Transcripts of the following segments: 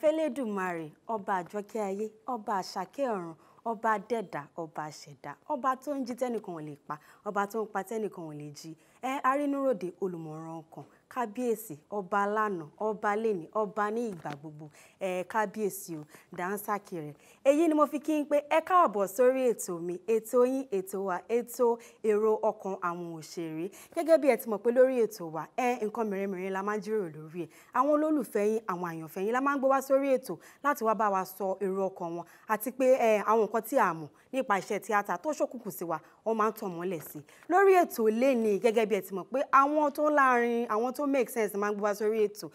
fẹ́lẹ́dùmarè ọba àjọkẹ́ ayé ọba àṣàkẹ́ ọ̀run ọba dẹ̀dà ọba ṣẹ̀dá ọba tó ń jí tẹ́nìkan ò lè pa ọba tó ń pa tẹ́nìkan ò lè jí ẹ arínúròde olùmọ̀ràn ọkàn kábíyèsí ọba lánàá ọba lẹ́ni ọba ní ìgbà gbogbo ẹ kábíyèsí o dànsákì rẹ èyí ni mo fi kí n pé ẹ káàbọ̀ sórí ètò mi ètò yín ètò wa ètò èrò ọkàn àwọn òṣèré gẹ́gẹ́ bí ẹ ti mọ̀ pé lórí ètò wa ẹ nǹkan mìíràn la máa ń jíròrò lórí ẹ̀ àwọn olólùfẹ́ yín àwọn àyànfẹ́ yín la máa ń gbé wá sórí ètò láti wá bá wa sọ èrò ọkàn wọn àti pé àwọn nǹkan tí a mọ̀ nípa iṣẹ́ tíátà tó ṣókùnkùn sí wa wọ́n máa ń tàn mọ́lẹ̀ sí i lórí ètò léni gẹ́gẹ́ bí ẹ ti mọ̀ pé àwọn tó láàrin àwọn tó make sense máa ń gbé wá sórí ètò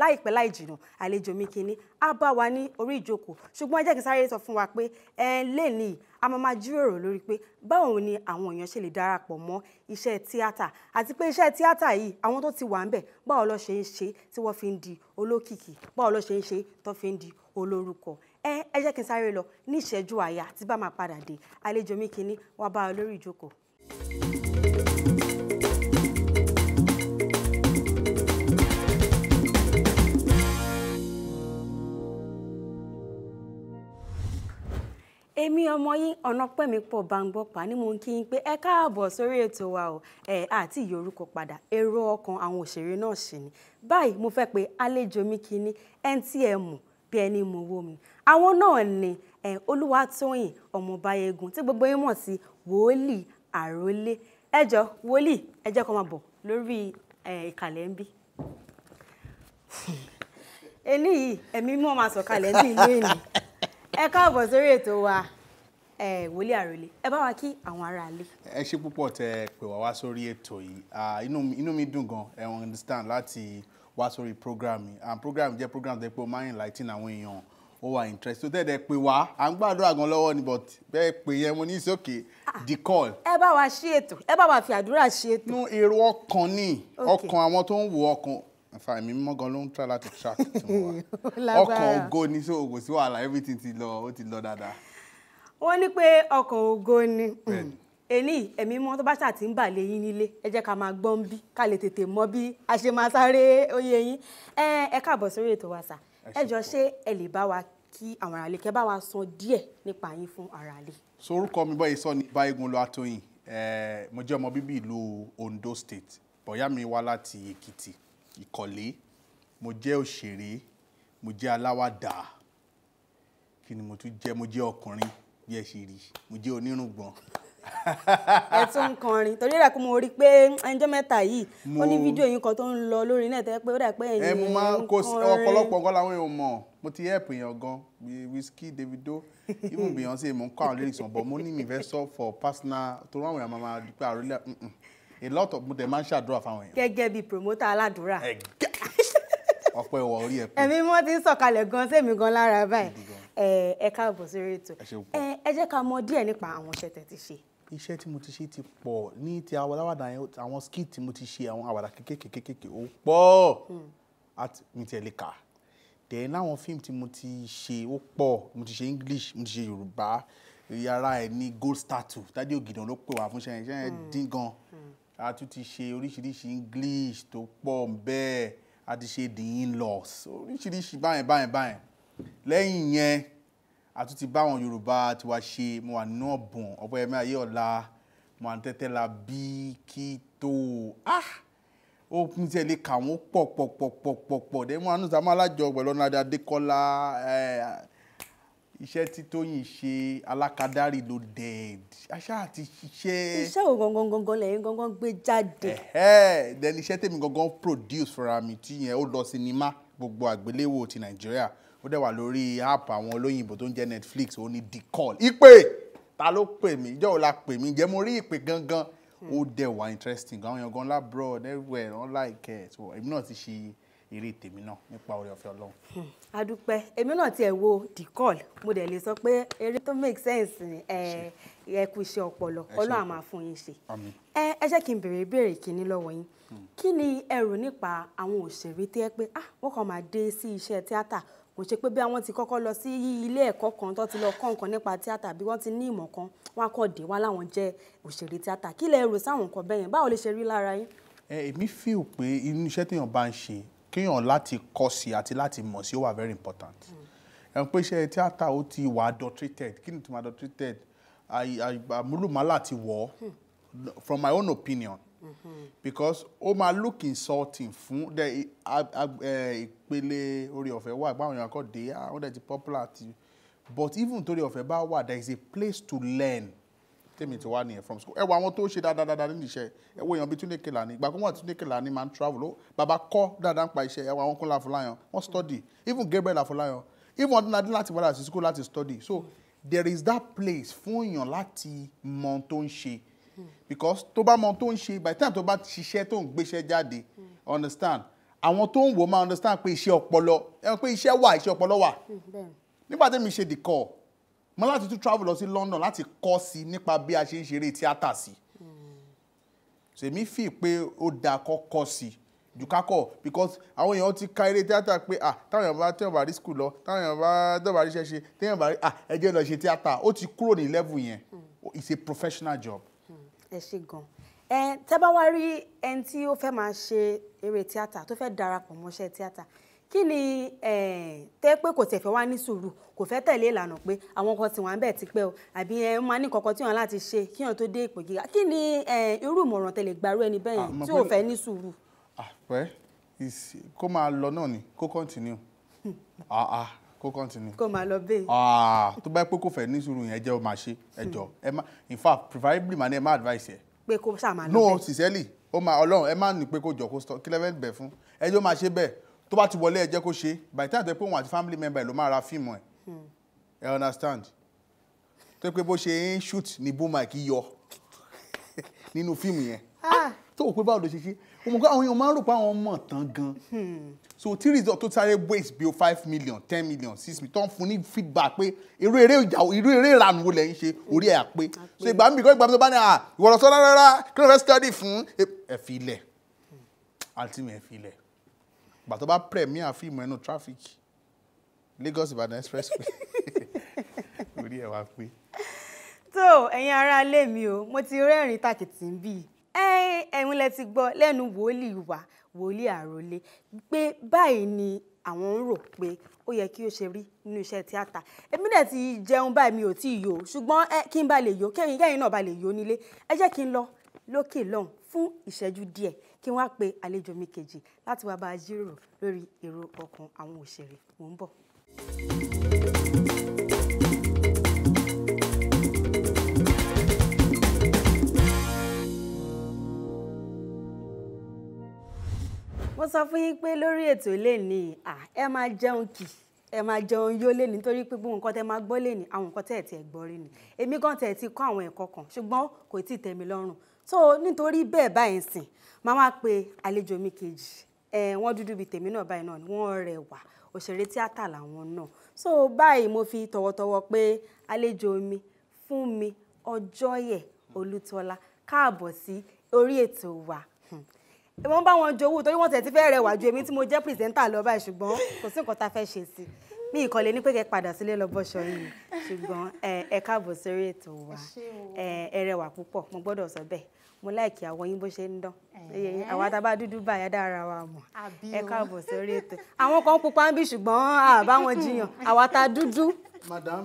láìpẹ́ láì jìnnà àlejò mi kínní á bá wa ní orí ìjókòó ṣùgbọ́n ẹ kí n sáré sọ fún wa pé léni a máa máa jíròrò lórí pé báwo ni àwọn èèyàn ṣe lè darapọ̀ mọ́ iṣẹ́ tíátà àti pé iṣẹ́ tíátà yìí àwọn tó ti wà ń bẹ̀ báwo ló ṣe ń ṣe tí wọ́n fi ń di olókìkí báwo ló ṣe ń ṣe tó fi ń di olórúkọ ẹ ẹ jẹ́ kí n sáré lọ ní ìṣẹ́jú àyà tí bá máa padà dé àlejò mi kínní wàá bá a lórí ìjókòó. èmi ọmọ yín ọ̀nà pẹ̀mí pọ̀ báńgbọ́pà ni mo ń kí yín pé ẹ káàbọ̀ sórí ètò wa o ẹ àti ìyorúkọ padà èrò ọkàn àwọn òṣèré náà ṣì ni báyìí mo fẹ́ pe àlejò mi kínní ẹni tí ẹ mọ̀ bí ẹni mọ owó mi àwọn náà ni Olúwatóyìn ọmọ Báyégún tí gbogbo yín mọ̀ sí wòlíì àrólé ẹjọ wòlíì ẹ jẹ́ kó máa bọ̀ lórí ìkàlẹ̀ ń bí ẹni yìí ẹ̀mí mọ́ máa sọ̀kalẹ̀ bí ilé ìní ẹ káàbọ̀ sórí ètò wa wòlíì àròlé ẹ bá wa kí àwọn aráalé. ẹ ṣe púpọ̀ tẹ pè wá wá sórí ètò yìí inú mi dùn gan ẹ understand láti. Uh, wá sórí program and program jẹ́ program tó yẹ pé ó máa ń enlighten àwọn èèyàn ó wà interest tó tẹ̀lé pé wá à ń gbàdúrà gan lọ́wọ́ ni but bẹ́ẹ̀ pé yẹn mo ní ìsókè ah, the call. ẹ bá wa ṣe ètò ẹ bá wa fi àdúrà ṣe ètò. nú èrò ọkàn ni ọkàn àwọn tó ń wo ọkàn nfa mi mọ gan ló ń try láti track tí mo wà ọkàn ògo ni so ògo sí wàhálà everything ti lọ ó ti lọ dáadáa. wọ́n ní pé ọkàn ògo ni. bẹ́ẹ̀ni ẹni ẹ̀mí mọ́ tó bá ṣáà ti ń bà lé yín nílé ẹ jẹ́ ká máa gbọ́n bí ká lè tètè mọ bí a ṣe máa sáré oyè yín ẹ káàbọ̀ sórí ètò wa sà ẹ jọ ṣé ẹ lè bá wa kí àwọn aráàlú kẹ bá wa sọ díẹ̀ nípa yín fún aráàlú. sorúkọ mi báyìí sọ ní Báyìígunlọ Atóyìn mo jẹ́ ọmọ bíbí ìlú Ondo State bọ̀yá mi wá láti Èkìtì Ìkọ̀lé mo jẹ́ òṣèré mo jẹ́ aláwàdà kí ni mo tún jẹ́ mo jẹ́ ọkùnrin bí ẹ ṣe rí mo jẹ́ onírùngbọ̀n ẹ tún ń kọrin torí rẹ kó mo rí i pé ẹnjọ́ mẹ́ta yìí ó ní fídíò yín kan tó ń lọ lórí náà tẹ́ pé ó dà pé ẹ̀yin ń kọrin. ẹ mo máa ń kó ọ̀pọ̀lọpọ̀ nǹkan làwọn èèyàn mọ̀ mo ti help èèyàn gan bíi Wizkid Davido even Beyonce mo ń kọ́ àwọn lyrics wọn but mo ní mi fẹ́ sọ for personal tó ráwọn èèyàn máa máa dúpẹ́ a lot of mo tẹ̀ máa ń ṣàdúrà fáwọn èèyàn. gẹ́gẹ́ bíi promoter aládùúrà. ọ̀pọ̀ ìwọ̀ orí ẹ̀ pé. ẹ̀mí mo ti ń sọ̀kalẹ̀ gan sẹ́mi gan lára báyìí ẹ káàbọ̀ sórí ètò ẹ ẹ jẹ́ ká mọ díẹ̀ nípa àwọn iṣẹ́ tẹ́ ti ṣe. iṣẹ́ tí mo ti ṣe ti pọ̀ ní ti àwàdàwàdà yẹn àwọn skit tí mo ti ṣe àwọn àwàdà kékèké ó pọ̀ hmm. àti mi ti ẹ̀ lè kà then láwọn fíìmù tí mo ti ṣe ó pọ̀ mo ti ṣe English mo ti ṣe Yorùbá yàrá ẹ̀ ní gold statue Tádé Ògìdàn ló pè wá fún ṣẹ́yìn ṣẹ́yìn hmm. dín gan hmm. a tún ti ṣe oríṣiríṣi English tó pọ̀ bẹ́ẹ̀ a ti ṣe the in-laws oríṣiríṣi báyẹn báyẹn báyẹn lẹ́yìn yẹn àtún ti bá àwọn yorùbá tiwa ṣe mo wà nínú ọ̀bùn ọ̀pọ̀yẹmí ayé ọ̀la mo wà ní tẹ́tẹ́ la bí kí tó ah ó kún tí ẹ lè kà wọ́n pọ̀ pọ̀ pọ̀ pọ̀ pọ̀ pọ̀ dẹ́ mo ànúta máa lájọ pẹ̀lú ọ̀nà adékọ́lá eh, iṣẹ́ tí tóyìn ṣe alákadárì ló dẹ̀ aṣá àti ṣiṣẹ́. iṣẹ́ wo gangan gangan lẹ́yìn gangan gbé jáde. ẹ̀ẹ́ then iṣẹ́ tèmi gangan produce fúnra mi tí yẹn ó lọ sinimá gbogbo àgbéléwò ti nàìjíríà ó dẹ̀ wà lórí app àwọn olóyìnbó tó ń jẹ́ Netflix ó ní the call ìpè ta ló pè mí ìjọ́ òun la pè mí ǹjẹ́ mo rí ìpè gangan ó dẹ̀ wà interesting àwọn èèyàn gan broad everywhere wọ́n like ẹ̀ so èmi náà ti ṣe eré tèmi náà nípa oore ọ̀fẹ́ Ọlọ́run. Hmm. a èmi náà tiẹ̀ wo the call mo dẹ̀ lè sọ pé eré tó make sense ẹ ẹ kú iṣẹ́ ọpọlọ Ọlọ́run á máa fún yín ṣe. ẹ ẹ jẹ́ kí n béèrè ìbéèrè kìíní lọ́wọ́ yín hmm. kí ni ẹ nípa àwọn òṣèré tí ẹ pé ah wọ́n kàn máa dé sí iṣẹ́ tíátà kò ṣe pé bí àwọn ti kọ́kọ́ lọ sí ilé ẹ̀kọ́ kan tó ti lọ kọ́ nǹkan nípa tíátà bí wọ́n ti ní ìmọ̀ kan wọ́n á kọ́ dé wá láwọn jẹ́ òṣèré tíátà kí lẹ rò sáwọn nǹkan bẹ́ẹ̀ yẹn báwo lè ṣe rí lára yín. ẹ èmi feel pé inú iṣẹ́ téèyàn bá ń ṣe kéèyàn láti kọ́ sí àti láti mọ̀ sí ó wà very important hmm. ẹ̀ ń pé iṣẹ́ tíátà ó ti wà adulterated kí ni ti wà adulterated àmúlùmálà ti wọ̀ hmm. from my own opinion because ó máa look insulting fun fún dẹ ìpele orí ọ̀fẹ́ wà gbáwọn èèyàn kọ́ dé àwọn ah, dẹ̀ ti popular ti but even torí ọ̀fẹ́ bá wà there is a place to learn tèmi to wá nìyẹn from school ẹ wo àwọn tó ṣe dáadáa nínú iṣẹ́ ẹ wo èèyàn bíi Túndé Kèlání ìgbà kan wà Túndé Kèlání máa ń travel ó bàbá kọ́ dáadáa ń pa iṣẹ́ ẹ wo àwọn kúnlá Afọláyan wọ́n study even Gabriel Afọláyan even Ọdúnladé láti padà sí school láti study so there is that place fún èèyàn láti mọ tó ń ṣe because tó bá mọ tó ń ṣe by the time tó bá ṣiṣẹ́ tó ń gbéṣẹ́ jáde understand àwọn tó ń wò máa understand pé iṣẹ́ ọpọlọ ẹ pé iṣẹ́ wà iṣẹ́ ọpọlọ wà hmm, nígbà tí mi ṣe the call mo láti tún travel lọ sí London láti kọ́ sí nípa bí a ṣe ń ṣeré tíátà sí sèmi fi pé ó da kọ́kọ́ sí ju because àwọn èèyàn ti ka eré tíátà pé ah táwọn èèyàn bá tẹ̀wọ̀n bá rí skul lọ táwọn èèyàn bá tẹ̀wọ̀n bá rí iṣẹ́ ṣe tẹ̀wọ̀n bá rí ah ẹ jẹ́ lọ ṣe tíátà ó ti kúrò ní level yẹn hmm. it's a professional job ẹ ṣe gan ẹ tẹ́ bá wá rí ẹni tí ó fẹ́ máa ṣe eré tíátà tó fẹ́ darapọ̀ mọ́ṣẹ́ tíátà kí ni tẹ́ pé kò tẹ̀fẹ́ wá ní sùúrù kò fẹ́ tẹ̀lé ìlànà pé àwọn kan tí wọ́n ń ti pẹ́ o àbí ẹ máa ní kankan tí wọ́n láti ṣe kí wọ́n tó dé ipò gíga kí ni irú ìmọ̀ràn tẹ̀lé gbàrú ẹni bẹ́ẹ̀ yẹn ah, tí ò fẹ́ ní sùúrù. àpẹ ah, kó máa lọ náà ni kó continue hmm. ah, kó kọ́ntínú. kó máa lọ bẹ́ẹ̀. Ah, tó bá yẹ pé kò fẹ́ ní sùúrù yẹn jẹ́ o máa ṣe ẹ ẹ má in fact preferably ma ni ẹ má advice ẹ. pé kó sá máa lọ bẹ́ẹ̀. no sincerely ó máa ọlọ́run ẹ má ní pé kó jọ kó stop kí lẹ́fẹ̀ẹ́ bẹ̀ fún ẹ jọ máa ṣe bẹ́ẹ̀ tó bá ti wọlé ẹ jẹ́ kó ṣe by the time tó yẹ pé òun àti family member ló máa ra fíìmù ẹ hmm. ẹ understand tó yẹ pé bó ṣe ń shoot ni boomer kì í yọ nínú fíìmù yẹn ah. tó o pé báwo ló ṣe ṣe o mọ̀ pé àwọn èèyàn máa ń rò pé àwọn ọmọ tán gan hmm. so tí result tó sáré waste bí o five million ten million six million tó fún ní feedback pé irú eré ìjàwó irú eré ìranù wo lẹ́yìn ṣe orí ẹ̀ pé hmm. so ìgbà mi kọ́ ìgbà mi tó bá ní à ah, ìwọ̀rọ̀ sọ́dọ̀ rárá kí ló fẹ́ study fún ẹ̀ fi ilẹ̀ àti mi ẹ̀ fi ilẹ̀ ìgbà tó bá premier fíìmù ẹnu traffic Lagos Ibadan expressway orí ẹ̀ wá pé. tó ẹ̀yin aráalé mi o mo ti rẹ́rìn-ín tàkìtì ń bì í ẹ̀hún lẹ ti gbọ́ lẹ́nu wòlíì wa wòlíì àròlé pé báyìí ni àwọn ń rò pé ó yẹ kí ó ṣe rí nínú iṣẹ́ tíátà èmi náà ti jẹun báyìí mi ò tí ì yó ṣùgbọ́n kí n bá lè yó kẹ́yìn kẹ́yìn náà bá lè yó nílé ẹ jẹ́ kí n lọ lókè lọ́hùn fún ìṣẹ́jú díẹ̀ kí n wá pe àlejò mi kejì láti wá bá a jíròrò lórí èrò ọkàn àwọn òṣèré mò ń bọ̀. mo sọ fún yín pé lórí ètò ilé ní ẹ máa jẹun kì ẹ máa jẹun yó lé nítorí pé gbogbo nǹkan tẹ máa gbọ́ lé ní àwọn nǹkan tẹ̀ tí ẹ gbọ́ rí ni èmi gan tẹ̀ ti kọ́ àwọn ẹ̀kọ́ kan ṣùgbọ́n kò tí ì tẹ̀mí lọ́rùn so nítorí bẹ́ẹ̀ báyìí sìn máa wá pe àlejò mi kejì ẹ wọ́n dúdú bíi tèmi náà báyìí náà ni wọ́n rẹwà òṣèré tíátà làwọn náà so báyìí mo fi tọ̀wọ̀tọ̀wọ̀ pé àlejò mi fún mi Ọjọ́yẹ̀ Olútọ́lá káàbọ̀ sí orí ètò wa hmm wọ́n bá wọn jowó torí wọ́n tẹ̀ ti fẹ́ rẹwà ju èmi tí mo jẹ́ pìrìsẹ́ńtà lọ báyìí ṣùgbọ́n kò sí nǹkan tá a fẹ́ ṣe sí mi ìkọlẹ̀ ní pé kẹ́ padà sílé lọ yìí ṣùgbọ́n ẹ káàbọ̀ sórí ètò wa ẹ rẹwà púpọ̀ mo gbọ́dọ̀ sọ bẹ́ẹ̀ mo láìkí àwọn yín bó ṣe ń dán àwọn atábá dúdú báyà dára wa mọ̀ ẹ káàbọ̀ sórí ètò àwọn kan pupa ń bí ṣùgbọ́n àbá wọn jiyàn àwọn ata dúdú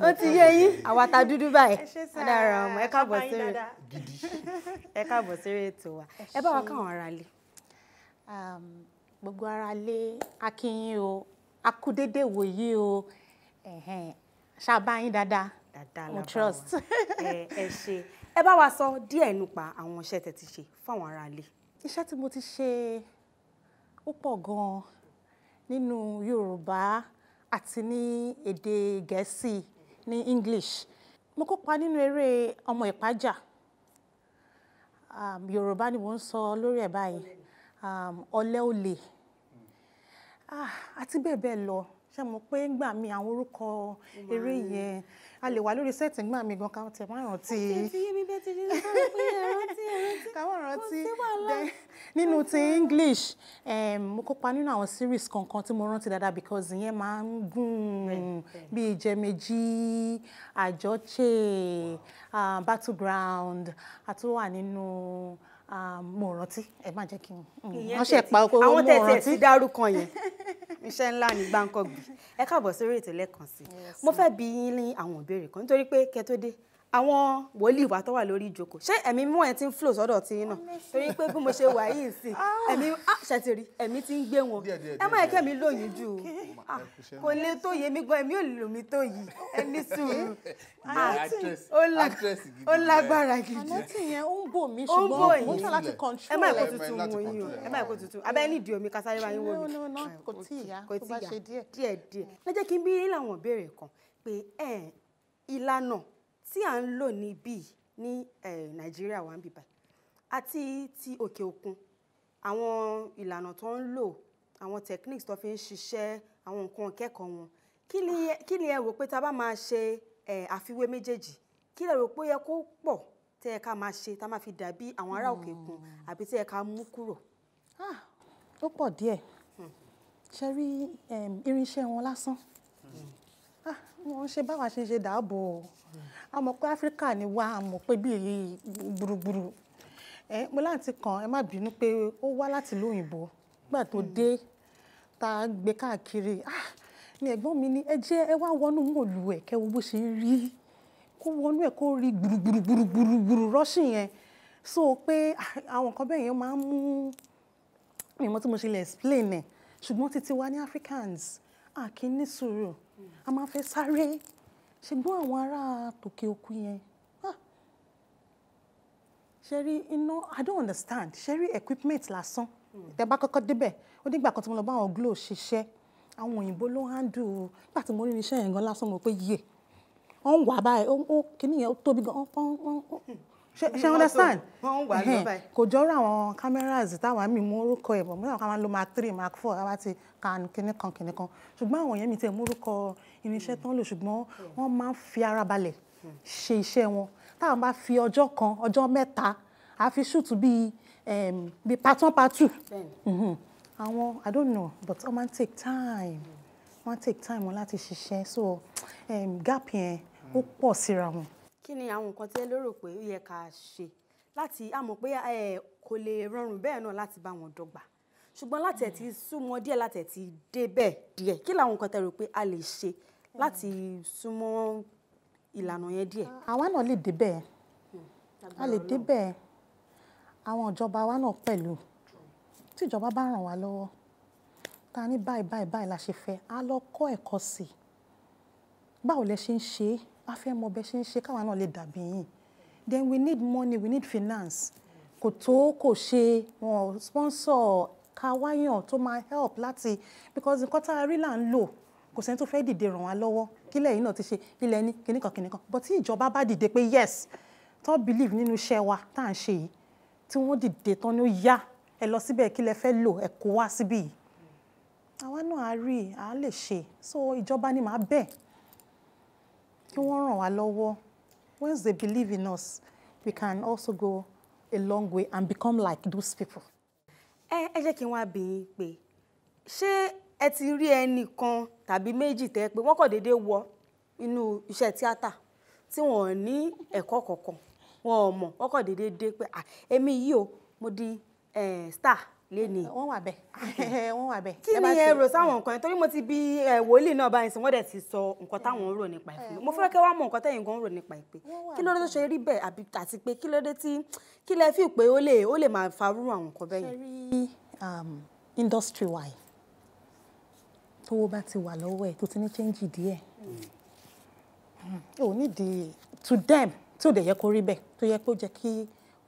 ó ti yé yín àwọn ata dúdú báyìí dára wa mọ̀ ẹ káàbọ̀ sórí ètò wa ẹ bá wa káwọn ara lè. Um, gbogbo ara lé akínyìn o akúdédé wòyí o ṣàbáyín dáadáa mo trust. ẹ ṣe ẹ bá wa sọ díẹ̀ nípa àwọn iṣẹ́ tẹ́ ti ṣe fáwọn ará ilé. iṣẹ́ tí mo ti ṣe ó pọ̀ gan-an nínú Yorùbá àti ní èdè Gẹ̀ẹ́sì ní English mo kópa nínú eré ọmọ ìpájà um, Yorùbá ni mo ń sọ lórí ẹ̀ báyìí. Um, ọ̀lẹ olè ah, àti bẹ́ẹ̀ bẹ́ẹ̀ lọ ṣe mọ̀ pé ńgbà mi àwọn orúkọ eré yẹn a lè wà lórí sẹ́ẹ̀tì ńgbà mi gan káwọn tẹ̀ máa rántí. káwọn rántí nínú ti English mo kópa nínú àwọn series kankan tí mo rántí dáadáa because ìyẹn máa ń gùn bíi Ìjẹ̀mẹ̀jì àjọṣe um, battleground àti wà nínú. No, Ah, mo rántí ẹ má jẹ́ kí n mm, wọ́n ṣe pa owó mo rántí. àwọn tẹ̀sí ẹ̀sìn dárúkọ yẹn iṣẹ́ ńlá ní gbáǹkọ́ gbì ẹ káàbọ̀ sórí ètò lẹ́ẹ̀kan sí mo fẹ́ bi yín ní àwọn ìbéèrè kan nítorí pé kẹ́ àwọn wòlíì wa tó wà lórí ìjókòó ṣé ẹ̀mí mímọ́ yẹn ti ń fò sọ́dọ̀ tí yín náà torí pé bí mo ṣe wà yìí sí ah. ẹ̀mí ah, ṣètìrí ẹ̀mí ti ń gbé wọn ẹ má yẹ kẹ́mi lóyún jù ah, kò lè tó yé mi gan ẹ̀mí ò lò mí tó yìí ẹni sùúrù ó lágbára gidi. àná tí yẹn ó ń bò mí ṣùgbọ́n mo ń tọ́ láti control ẹ má yẹ kó tuntun wọ yín o ẹ má yẹ kó tuntun abẹ́ ní ìdí omi kásáré wa yín wò mí. kò tí ì yá kò tí ì yá díẹ̀ díẹ̀. ẹ jẹ́ kí n bí láwọn ìbéèrè kan pé ìlànà tí à ń lò níbí ní nàìjíríà wa ń bì àti ti òkè òkun àwọn ìlànà tó ń lò àwọn techniques tó fi ń ṣiṣẹ́ àwọn nǹkan ìkẹ́kọ̀ọ́ wọn kí ni ẹ rò pé tá a bá máa ṣe àfiwé méjèèjì kí lẹ rò pé ó yẹ kó pọ̀ tẹ́ ẹ ká máa ṣe tá a máa fi dàbí àwọn ará òkè òkun hmm. àbí tẹ́ ẹ ká mú kúrò. Ah, ó pọ̀ díẹ̀ hmm. ṣe rí irinṣẹ́ wọn lásán hmm. ah, wọ́n ṣe báwa ṣe ṣe dààbò a mọ̀ pé áfíríkà ni wá a mọ̀ pé bíi gbùrùgbùrù ẹ mo láǹtí kan ẹ má bínú pé ó wá láti ìlú òyìnbó nígbà tó hmm. dé tá a gbé káàkiri ah ni ẹ̀gbọ́n mi ní ẹ jẹ́ ẹ wá wọnú mòlù ẹ̀ kẹ́ wo bó ṣe ń rí kó wọnú ẹ̀ kó rí gbùrùgbùrùgbùrùgbùrù rọ́ṣìn yẹn so pé ah, àwọn nǹkan bẹ́ẹ̀ yẹn máa ń mú mi tí mo ṣe lè explain ẹ̀ ṣùgbọ́n títí wa ní Africans a kì í sùúrù a máa fẹ́ sáré ṣùgbọ́n àwọn ará tòkè òkun yẹn ah, ṣe rí iná i don't understand ṣe rí equipment lásán hmm. tẹ bá kọ́kọ́ débẹ̀ ó nígbà kan tí mo lọ bá àwọn glo ṣiṣẹ́ àwọn òyìnbó ló handle nígbà tí mo rí iṣẹ́ yẹn gan lásán mo pé yé wọ́n wà báyìí ó kíní yẹn ó tóbi gan ṣe understand kò jọrọ àwọn cameras táwa mi mú orúkọ ẹ bọ mọlẹ káwọn lo mark three mark four káwá ti kan kinní kan kinní kan ṣùgbọ́n àwọn yẹn mi ti mú orúkọ irinṣẹ́ tán lò ṣùgbọ́n wọ́n máa ń fi ara balẹ̀ ṣe iṣẹ́ wọn táwọn bá fi ọjọ́ kan ọjọ́ mẹ́ta a fi ṣùtù bíi bíi part one part two mhm. àwọn i don't know but wọ́n máa ń take time wọ́n take time wọn láti ṣiṣẹ́ so um, gap yẹn ó pọ̀ síra wọn kí ni àwọn nǹkan tí ẹ lérò pé ó yẹ ká ṣe láti àmọ́ pé kò lè rọrùn bẹ́ẹ̀ náà láti bá wọn dọ́gba ṣùgbọ́n láti ẹ̀ ti súnmọ́ díẹ̀ láti ẹ̀ ti débẹ̀ díẹ̀ kí làwọn nǹkan tẹ́ rò pé a lè ṣe láti súnmọ́ ìlànà yẹn díẹ̀. àwa náà lè débẹ̀ hmm. a lè débẹ̀ àwọn ìjọba wa náà pẹ̀lú tí ìjọba bá ràn wá lọ́wọ́ ta ní báyìí báyìí báyìí la ṣe fẹ́ a lọ kọ́ ẹ̀kọ́ sí báwo lẹ ṣe ń ṣe é a fẹ́ mọ bẹ́ẹ̀ ṣe ń ṣe káwa náà lè dàbí yín then we need money we need finance kò tó kò ṣe wọn sponsor káwáyàn tó máa help láti because nǹkan tá a rí là ń lò kò sẹ́ni tó fẹ́ dìde ràn wá lọ́wọ́ kílẹ̀ yìí náà ti ṣe kílẹ̀ ní kíníkan kíníkan but tí ìjọba bá dìde pé yes tó believe nínú iṣẹ́ wa tá à ń ṣe yìí tí wọ́n dìde tán ni ó yá ẹ lọ síbẹ̀ kí lẹ fẹ́ lò ẹ kó wá síbí yìí àwa náà a rí i a lè ṣe so ìjọba ni màá bẹ̀ kí wọ́n ràn wá lọ́wọ́ once they believe in us we can also go a long way and become like those people. ẹ ẹ jẹ́ kí n wá bí i pé ṣé ẹ ti rí ẹnì kan tàbí méjì tẹ́ pé wọ́n kàn déédéé wọ inú iṣẹ́ tíátà tí wọ́n ní ẹ̀kọ́ kọ̀ọ̀kan wọn ò mọ̀ wọ́n kàn déédéé dé pé èmi yìí o mo di star lénìí. wọ́n wà bẹ́ẹ̀ wọ́n wà bẹ́ẹ̀. kí ni ẹ rò sáwọn nǹkan yẹn torí mo ti bi wòlíì náà báyìí sìn wọ́n dẹ̀ ti sọ nǹkan táwọn ń rò nípa ìpè mo fẹ́ kẹ́ wá mọ nǹkan tẹ̀yin gan ń rò nípa ìpè kí ló dé tó ṣe rí bẹ́ẹ̀ àbí àti pé kí ló dé tí kí lẹ fi pé ó lè ó lè máa farú àwọn nǹkan bẹ́ẹ̀ yẹn. Um, industry wide tówó bá ti wà lọ́wọ́ ẹ̀ tó ti ní change díẹ̀ ò hmm. hmm. nídìí to them tí ò dẹ̀ yẹ kó rí bẹ́ẹ̀ tó yẹ kó jẹ́ kí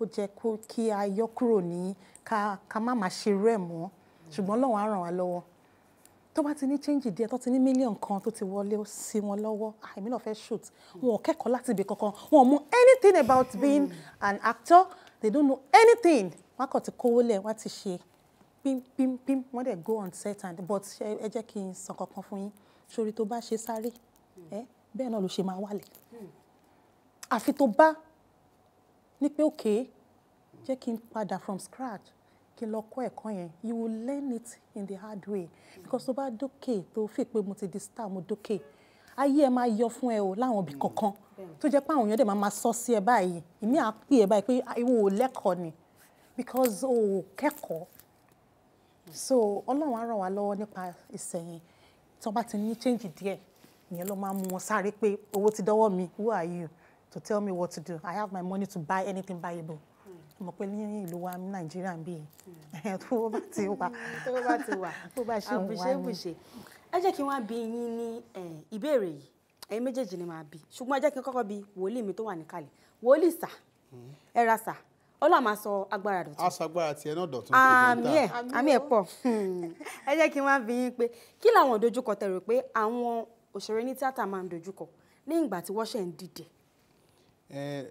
ó jẹ́ kó kí a yọ kúrò ní ká ká má máa ṣe rẹ̀ mọ́ ṣùgbọ́n Ọlọ́run á ràn wá lọ́wọ́ tó bá ti ní change díẹ̀ tó ti ní mílíọ̀n kan tó ti wọlé sí wọn lọ́wọ́ àìmí ah, náà fẹ́ shoot wọn ò kẹ́kọ̀ọ́ láti ibì kankan wọn ò mú anything about being an actor they don't know anything wọn kàn ti kówó lẹ̀ wọn ti ṣe pim pim pim wọn dẹ̀ go on set and but ẹ jẹ́ kí n sàn kankan fún yín sórí tó bá ṣe sáré ẹ bẹ́ẹ̀ náà ló ṣe máa wálẹ̀ àfi tó bá ní pé òkè jẹ́ kí n padà from scratch kí n lọ kọ́ ẹ̀kọ́ yẹn you will learn it in the hard way because tó bá dókè tó fi pé mo ti di star mo dókè ayé ẹ máa yọ fún ẹ o láwọn ibì kankan tó jẹ́ pé àwọn èèyàn dẹ̀ máa sọ sí ẹ báyìí ìmí àpè ẹ báyìí pé ah, ìwọ ò lẹ́kọ̀ọ́ ni because o ò kẹ́kọ̀ọ́ so ọlọ́run á ràn wá lọ́wọ́ nípa ìsẹ̀yìn tí wọ́n bá ti ní change díẹ̀ ìyẹn ló máa mú wọn sáré pé owó ti dọ́wọ́ mi who are you to tell me what to do I have my money to buy anything buyable mo pe ní ìlú wa nàìjíríà ń bí tó bá ti wà tó bá ti wà tó bá ṣe ń wá ní. ẹ jẹ́ kí wọ́n bí yín ní ìbéèrè yìí ẹ̀yin méjèèjì ni màá bí ṣùgbọ́n ẹ jẹ́ kí n kọ́kọ́ bí wòlíì mi tó wà níkàlẹ̀ wòlíì sà ẹ ra sà ọlọ́run máa sọ agbára dọ̀tun. a sọ agbára tiẹ̀ náà dọ̀tun. àmì ẹ̀ àmì ẹ̀ pọ̀ ẹ jẹ́ kí wọ́n bí yín pé kí làwọn dojúkọ tẹ̀rọ pé àwọn òṣèré ní tíátà máa ń dojúkọ ní ìgbà tí wọ́n ṣẹ̀ ń dìde eh,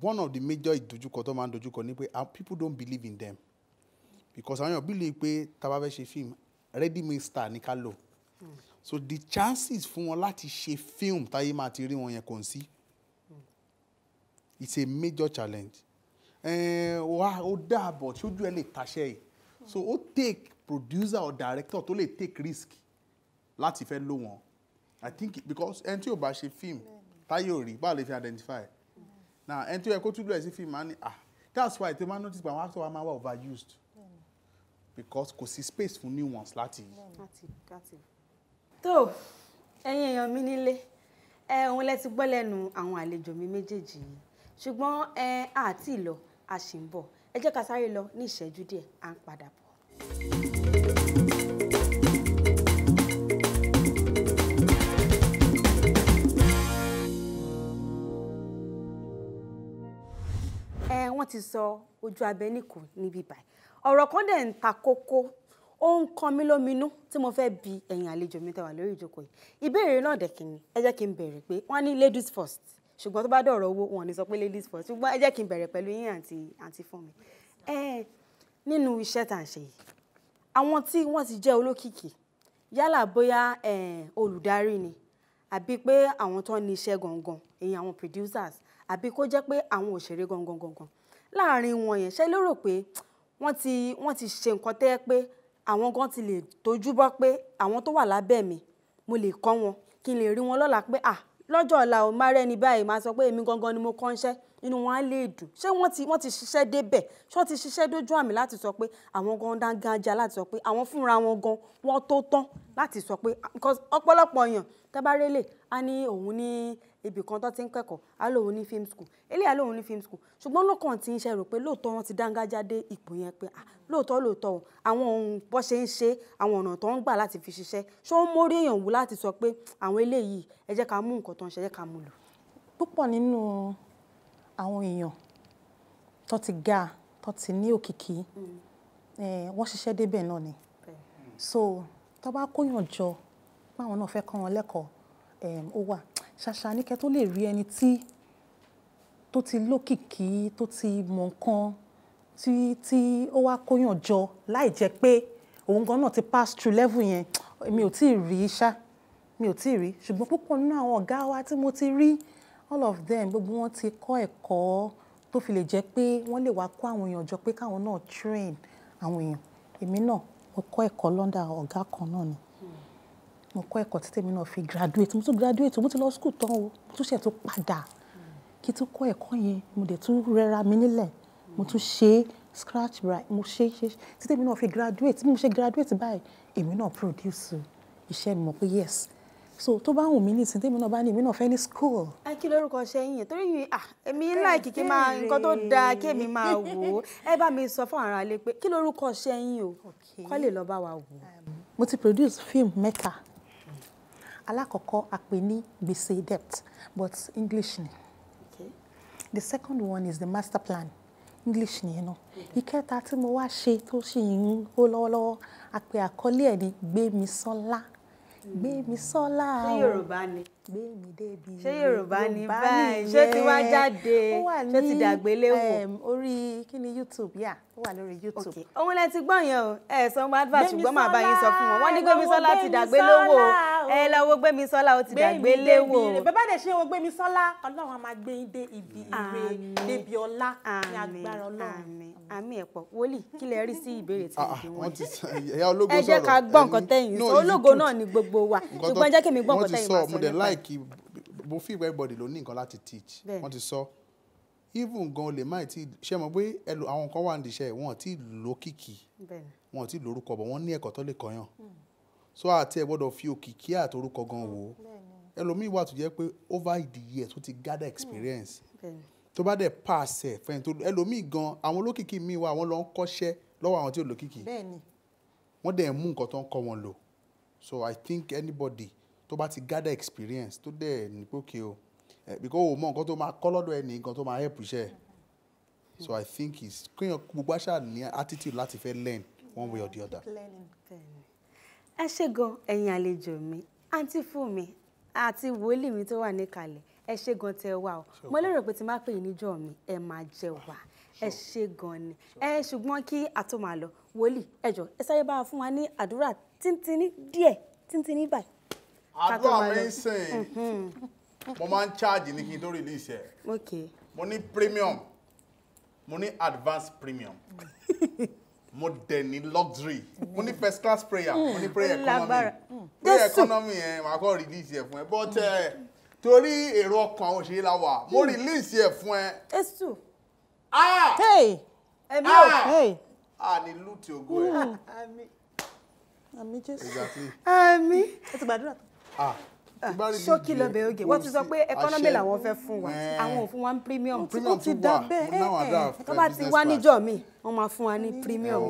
one of the major ìdojúkọ tó máa ń dojúkọ ni pé ah, people don't believe in them because àwọn èèyàn believe pé tá bá fẹ́ ṣe film ready made star ní ká lò so the chances fún wọn láti ṣe film táyé máa ti rí wọn yẹn kò ń sí it's a major challenge eh, wá ó dáàbọ̀ tí ojú ẹ lè taṣẹ́ yìí so ó take producer or director tó lè take risk láti fẹ́ lò wọ́n i think because ẹni tí ò bá ṣe film. Yeah táyé ò rí báwo lè fi identify na ẹni tó yẹ kó tún lọ ẹ̀ sí fíìmù á ní ah that's why tẹ́ máa notice pé àwọn actor wa máa wà overused because kò sí space fún nuance láti. tó ẹ̀yin èèyàn mi nílé ẹ òun lẹ ti gbọ́ lẹ́nu àwọn àlejò mi méjèèjì yìí ṣùgbọ́n ẹ àti ìlọ a ṣì ń bọ̀ ẹ jẹ́ ká sáré lọ ní ìṣẹ́jú díẹ̀ à ń padà bọ̀. ti sọ ojú abẹ nìkú níbí báyìí ọ̀rọ̀ kan dẹ̀ ń ta kókó ó ń kan mí lóminú tí mo fẹ́ bi ẹ̀yin àlejò mi tẹ̀wà lórí ìjókòó yìí ìbéèrè náà dẹ̀ kìíní ẹ jẹ́ kí n bẹ̀rẹ̀ pé wọ́n ní ladies first ṣùgbọ́n tó bá dọ̀rọ̀ owó wọn ní sọ pé ladies first ṣùgbọ́n ẹ jẹ́ kí n bẹ̀rẹ̀ pẹ̀lú yín àǹtí àǹtí fún mi. ẹ nínú iṣẹ́ tá à ń ṣe yìí àwọn tí wọ́n ti jẹ́ olókìkí yálà bóyá olùdarí ni àbí pé àwọn tó ní iṣẹ́ gangan èyí àwọn producers àbí kó jẹ́ pé àwọn òṣèré gangan gangan láàrin wọn yẹn ṣé lérò pé wọ́n ti wọ́n ti ṣe nǹkan tẹ́ pé àwọn gan ti lè tójú bọ́ pé àwọn tó wà lábẹ́ mi mo lè kọ́ wọn kí n lè rí wọn lọ́la pé à lọ́jọ́ ọ̀la ò má rẹ́ni báyìí máa sọ pé èmi gangan ni mo kọ́ ń ṣẹ́ inú wọn á lè dùn ṣé wọ́n ti wọ́n ti ṣiṣẹ́ débẹ̀ ṣé wọ́n ti ṣiṣẹ́ dójú àmì láti sọ pé àwọn gan dángájá láti sọ pé àwọn fúnra wọn gan wọ́n tó tán láti sọ pé ọ̀pọ̀lọpọ̀ èèyàn tẹ́ á ní òun ní ibì kan tó ti ń kẹ́kọ̀ọ́ á ní film school eléyà lóun ní film school ṣùgbọ́n lọ́kàn tí ń ṣe rò pé lóòótọ́ wọn ti dángájá dé ipò yẹn pé ah, lóòótọ́ lóòótọ́ o àwọn ohun bó ṣe ń ṣe àwọn ọ̀nà tó ń gbà láti fi ṣiṣẹ́ ṣó ń mórí èèyàn wù láti sọ pé àwọn eléyìí ẹ jẹ́ ká mú nǹkan tó ń ṣe ẹ jẹ́ ká mú lò. púpọ̀ nínú àwọn èèyàn tó ti ga tó ti ní òkìkí hmm. eh, wọ́n ṣiṣẹ́ débẹ̀ náà ni so tó bá kóyàn jọ páwọn náà fẹ́ kọ́ eh, ó wà ṣàṣà ní kẹ́ tó lè rí ẹni tí tó ti lókìkí tó ti mọ̀ nǹkan tí tí ó wá kóyàn jọ láì jẹ́ pé òun gan náà ti pass through level yẹn mi ò tí ì rí ṣá mi ò tí ì rí ṣùgbọ́n púpọ̀ nínú àwọn ọ̀gá wa tí mo ti rí all of them gbogbo wọn ti kọ́ ẹ̀kọ́ tó fi lè jẹ́ pé wọ́n lè wá kó àwọn èèyàn jọ pé káwọn náà train àwọn èèyàn èmi náà mo kọ́ ẹ̀kọ́ lọ́ndà ọ̀gá kan náà ni mo kọ́ ẹ̀kọ́ títí náà fi graduate mo tún graduate mo ti lọ school tán o mo tún ṣe tó padà kí tún kọ́ ẹ̀kọ́ yẹn mo dẹ̀ tún rẹra mi nílẹ̀ mo tún ṣe scratch right mo ṣe ṣe títí mi náà fi graduate bí mo ṣe graduate báyìí èmi náà produce iṣẹ́ mi mọ̀ pé yes so tó bá wù mí ní ìsìntẹ́mi náà bá ní èmi náà fẹ́ ní school. ẹ kí lórúkọ ṣe yín yẹn torí èmi láìkì kí máa nǹkan tó dáa kí èmi máa wò ó ẹ bá mi sọ fún àwọn aráalé pé kí lórúkọ ṣe yín o kọ́ lè lọ́ọ́ bá wa wò ó. mo ti produce film mẹ́ta alákọ̀ọ́kọ́ a pè ní gbèsè debt but English ni okay. the second one is the master plan English nìyẹn náà ìkẹta tí mo wá ṣe tó ṣì ń hó lọ́wọ́lọ́wọ́ a pè àkọlé ẹ̀ ní Gbémisọ́lá hmm. Gbémisọ́lá o ṣé Yorùbá ni gbé mi débi ṣé yorùbá ní báyìí ṣé ti wá jáde ṣé ti dàgbéléwò orí kí ni youtube yà ó wà lórí youtube. òun lẹ ti gbọ́ yẹn o ẹ sọ wọn advert ṣùgbọ́n màá bá yín sọ fún wọn wọ́n ní gbémisọ́lá ti dàgbéléwò ẹ lọ́wọ́ gbémisọ́lá ó ti dàgbéléwò. bàbá dẹ̀ ṣe wo gbémisọ́lá ọlọ́run a máa gbé yín dé ibi ire débi ọlá ní agbára ọlọ́run. àmì ẹ̀pọ̀ wòlíì kí lẹ rí sí ìbéèrè tí ah, ah, wọ́n ti ẹ jẹ́ ká gbọ́ nǹkan tẹ́yìn ológo náà ni gbogbo wa ṣùgbọ́n jẹ́ kí mi gbọ́ nǹkan tẹ́yìn máa sọ láìkí mo fi everybody ló ní nǹkan láti teach wọ́n ti sọ even gan olè máì tí ṣe mọ̀ pé ẹlò àwọn kan wà nídìíṣẹ́ wọn ti lókìkí wọn ti lórúkọ bọ̀ wọ́n ní ẹ̀kọ́ tó lè kọyàn hmm. so àti ẹ̀ gbọ́dọ̀ fi òkìkí àtorúkọ gan wò ó hmm. ẹlòmíì wà tó jẹ́ pé over the years tó ti gather experience hmm. tó bá dẹ̀ pass ẹ̀ fẹ́yìn tó ẹlòmíì gan àwọn olókìkí míì wà wọ́n lọ ń kọ́ṣẹ́ lọ́wọ́ àwọn tí ò lókìkí wọ́n dẹ̀ mú nǹkan tó ń kọ́ wọn lò so I think anybody tó bá ti gather experience tó dẹ̀ ní o eh, because o mọ nǹkan tó máa kọ́ lọ́dọ̀ ẹni nǹkan tó máa help iṣẹ́ so I think it's kéèyàn gbogbo àṣà ní attitude láti fẹ́ learn one way or the other. ẹ ṣé gan ẹ̀yin àlejò mi àǹtí fún mi àti wòlíì mi tó wà níkàlẹ̀ ẹ ṣé gan tẹ wá o mo lérò pé tí má pè yín níjọ́ mi ẹ máa jẹ wá ẹ ṣé gan ni ẹ ṣùgbọ́n kí a tó máa lọ wòlíì ẹ jọ̀ọ́ ẹ sáré bá wa fún wa ní àdúrà tíntínní díẹ̀ tíntínní báyìí àdúrà mẹ́sìn mo máa ń charge ní kí to release ẹ̀ mo ní premium mo ní advance premium mo dẹ̀ ní luxury mo ní first class prayer mo ní mm. prayer economy mm. prayer economy ẹ̀ màá kọ́ release ẹ̀ fún ẹ but eh, torí èrò ọkàn àwọn òṣèré la wà mo mm. release ẹ̀ fún ẹ. esu ah ẹ̀mí ò ah ni lute ogo ẹ̀. àmín àmín Jésù àmín ẹ ti gbàdúrà tó ṣókí lọ bẹ̀rẹ̀ oge wọ́n ti sọ pé ẹkọ́nọ́mì làwọn fẹ́ fún wa eh. àwọn ò fún wa ní premium tí kò ti dá bẹ́ẹ̀ eh, eh. tó bá ti wá níjọ́ mi wọ́n máa fún wa ní premium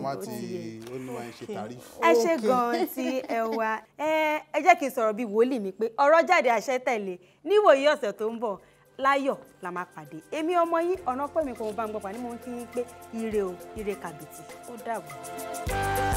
ẹ ṣe gan-an ti ẹ wa ẹ jẹ́ kí n sọ̀rọ̀ bíi wòlíì mi pé ọ̀rọ̀ jáde àṣẹ tẹ̀lé níwòyí ọ̀sẹ̀ tó ń bọ̀ láyọ̀ la máa pàdé èmi ọmọ yín ọ̀nà pẹ̀mí kò bá ń gbọ́ pàdé mo ń kí yín pé ire o ire kàbìtì ó dàbọ̀.